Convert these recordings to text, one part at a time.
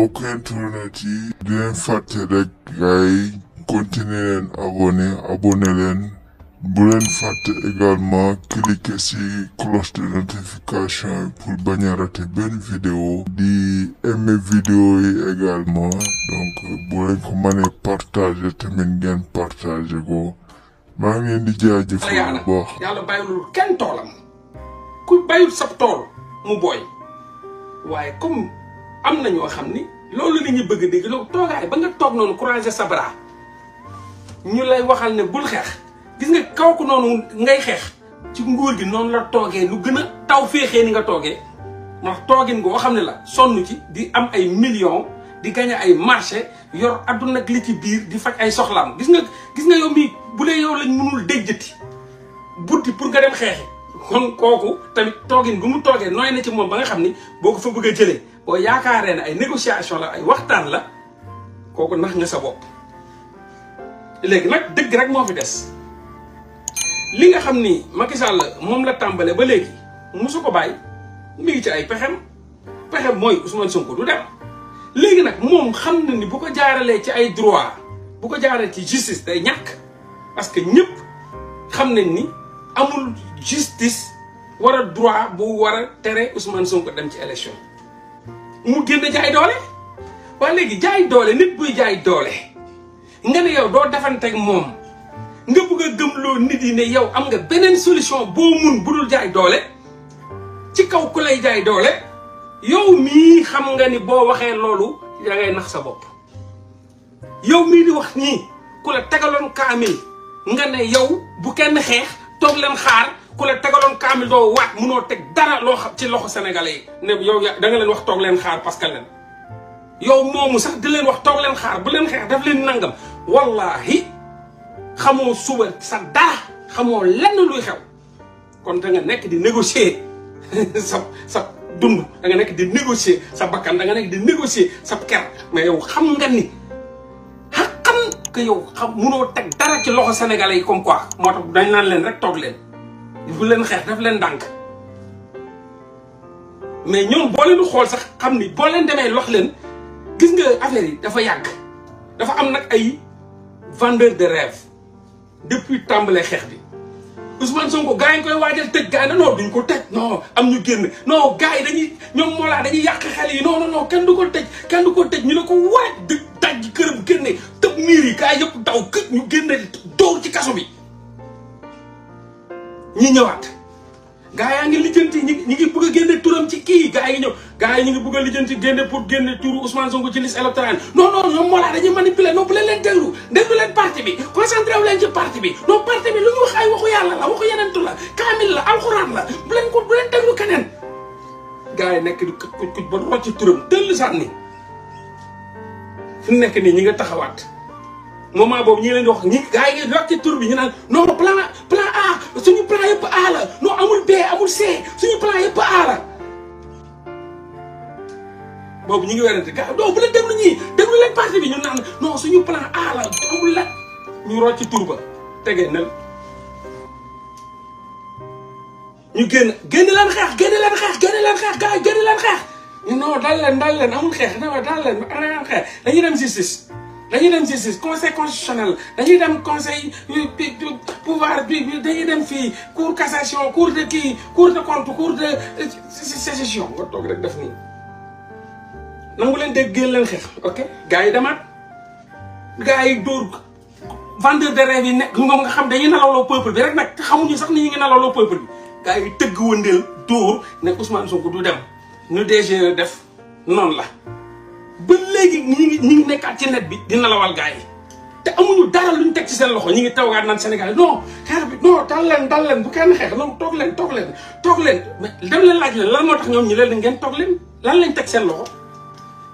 mbokk internet yi di leen fàtte rek gaay continuer leen abonné abonné leen bu également cliquer ci cloche de notification yi pour a rater benn vidéo di aimer vidéo yi également donc bu leen ko mënee partager tamit ngeen partager ko maa ngi di jaajëfal bu baax. am na ñoo xam ni loolu la ñu bëgg a dégg loolu toogaay ba nga toog noonu croiser sa bras ñu lay waxal ne bul xeex gis nga kaw ko noonu ngay xeex ci nguur gi noonu la toogee lu gën a taw féexee ni nga toogee ndax toogin goo xam ne la sonn ci di am ay millions di gagné ay marché yor àdduna ak li ci biir di faj ay soxlaam gis nga gis nga yow mii bu dee yow lañ mënul déjjati buddi pour nga dem xeexi kon kooku tamit toogin bu mu toogee nooy na ci moom ba nga xam ni boo ko fa bëgg a jëlee boo yaakaaree ne ay négociation la ay waxtaan la kooku ndax nga sa bopp léegi nag dëgg rek moo fi des li nga xam ni Macky Sall moom la tàmbale ba léegi mosu ko bàyyi mi ngi ci ay pexem pexem mooy Ousmane Sonko du dem léegi nag moom xam na ni bu ko jaaralee ci ay droit bu ko jaarale ci justice day ñàkk parce que ñëpp xam nañ ni amul justice war a droit bu war tere Ousmane Sonko dem ci élection mu génn jaay doole waaye léegi jaay doole nit buy jaay doole nga ne yow doo defanteeg moom nga bëgg a gëmloo nit yi ne yow am nga beneen solution boo mun dul jaay doole ci kaw ku lay jaay doole yow mii xam nga ni boo waxee loolu da nax sa bopp yow mii di wax nii ku la tegaloon kaamil nga ne yow bu kenn xeex toog leen xaar ku la tegaloon kaamil doo waat munoo teg dara loo xam ci loxo sénégalais yi ne yow da nga leen wax toog leen xaar parce que leen yow moomu sax di leen wax toog leen xaar bu leen xeex daf leen nangam wallahi xamoo suba sa dara xamoo lenn luy xew kon da nekk di négocier sa sa dund da nga nekk di négocier sa bakkan da nga nekk di négocier sa ker mais yow xam nga ni xam que yow xam munoo teg dara ci loxo sénégalais yi comme quoi moo tax dañ naan leen rek toog leen bu leen xeex daf leen dànk mais ñoom boo leen xool sax xam ni boo leen demee lox leen gis nga affaire yi dafa yàgg dafa am nag ay vendeur de rêve depuis tàmbalee xeex bi Ousmane Sonko gars yi koy waajal tëj gars yi non duñ ko tëj non am ñu génn non gars yi dañuy ñoom moo dañuy yàq xel yi non non kenn du ko tëj kenn du ko tëj ñu ne ko waaj di daj këram génne tëb miir yi gars yëpp daw kët ñu génne dóor ci kaso bi. ñi ñëwaat gaa yaa ngi lijjanti ñi ñi ngi bëgg génne turam ci kii gaa yi ñëw gaa yi ñu ngi bugg a lijjanti génne pour génne turu Ousmane Sonko ci liste électorale non non ñoom Mollah dañuy manipuler non bu leen leen déglu déglu leen parti bi concentré wu leen ci parti bi non parti bi lu ñu wax ay waxu yàlla la waxu yenentu la kaamil la alxuraan la bu leen ko bu leen keneen gaa yi nekk di kuc kuc ba rocc turam dëll sànni fi nekk nii ñu nga taxawaat moom boobu ñi leen di wax ñi gaa yi ngi rocc tur bi ñu naan non boobu ñu ngi werante gars non bu leen déglu ñii déglu leen parti bi ñu naan non suñu plan A la amul la ñu rocc tur tegee nel ñu génn génn leen xeex génn leen xeex génn leen xeex gars yi génn leen xeex ñu non dal leen dal leen amul xeex non dal leen amul xeex dañuy dem justice dañuy dem justice conseil constitutionnel dañuy dem conseil pouvoir bi dañuy dem fii cour cassation cour de kii cour de compte cour de rek def nangu leen dégg génn leen xeex ok gars yi demaat gars yi dóor vendeur de rêve yi nekk moom xam dañuy nalaloo peuple bi rek nag sax ni ñu ngi nalaloo peuple bi gars yi tëgg wëndeel dóor ne Ousmane Sonko du dem ñu DG def noonu la ba léegi ñi ngi ñi ngi nekkaat ci net bi di nalawal gars yi te amuñu dara luñ teg ci seen loxo ñi ngi tawgaat naan Sénégal non xeex bi non leen dal leen kenn xeex non toog leen toog leen toog leen mais dem leen laaj leen lan moo tax ñoom ñu leen ngeen toog leen lan lañ teg seen loxo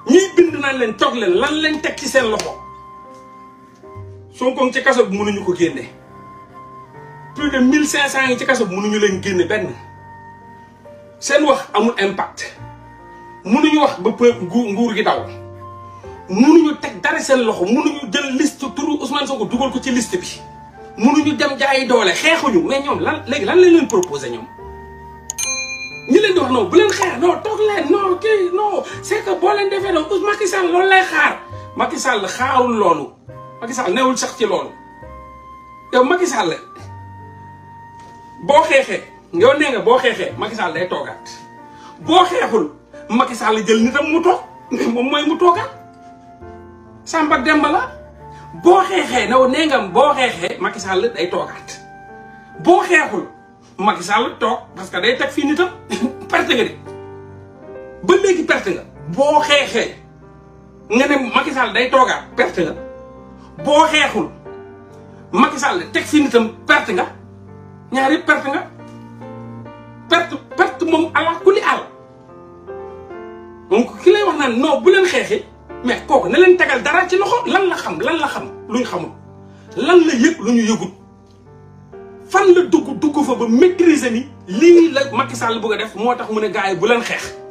ñuy bind naan leen toog leen lan leen teg ci seen loxo Sonko ci kaso bi mënuñu ko génne plus de mille cinq cent yi ci kaso bi mënuñu leen génne benn seen wax amul impact mënuñu wax ba peu nguur gi daw mënuñu teg dara seen loxo munuñu jël liste turu Ousmane Sonko dugal ko ci liste bi mënuñu dem jaayi doole xeexuñu mais ñoom lan léegi lan lañ leen proposé ñoom ñi leen di wax non bu leen xaar non toog leen non kii non c'est que boo leen defee noonu Macky Sall loolu lay xaar Macky Sall xaarul loolu Macky Sall newul sax ci loolu yow Macky Sall boo xeexee yow nee nga boo xeexul Macky Sall jël nitam mu toog moom mooy mu toogaat Samba Demba la boo xeexee new nee nga boo xeexee Macky day toogaat boo xeexul. Macky Sall toog parce que day teg fii nitam perte nga de ba léegi perte nga boo xeexee nga ne Macky day toogaat perte nga boo xeexul Macky Sall teg fii nitam perte nga ñaari perte nga perte perte moom ala kuli àll donc ki lay wax naan noo bu leen xeexee mais kooku na leen tegal dara ci loxo lan la xam lan la xam luñ xamul lan la yëg lu ñu yëgut fan la dugg dugg fa ba maîtriser ni lii la Macky Sall bëgg a def moo tax mu ne gars yi bu leen xeex.